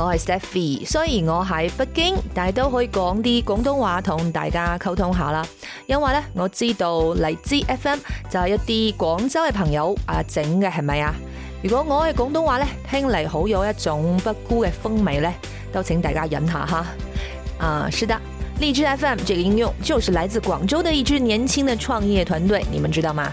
我係 Stephy，雖然我喺北京，但係都可以講啲廣東話同大家溝通一下啦。因為咧，我知道荔枝 FM 就係一啲廣州嘅朋友啊整嘅係咪啊？如果我係廣東話咧，聽嚟好有一種北姑嘅風味咧，都請大家忍一下哈。啊，是的，荔枝 FM 這個應用就是來自廣州的一支年輕的創業團隊，你們知道嗎？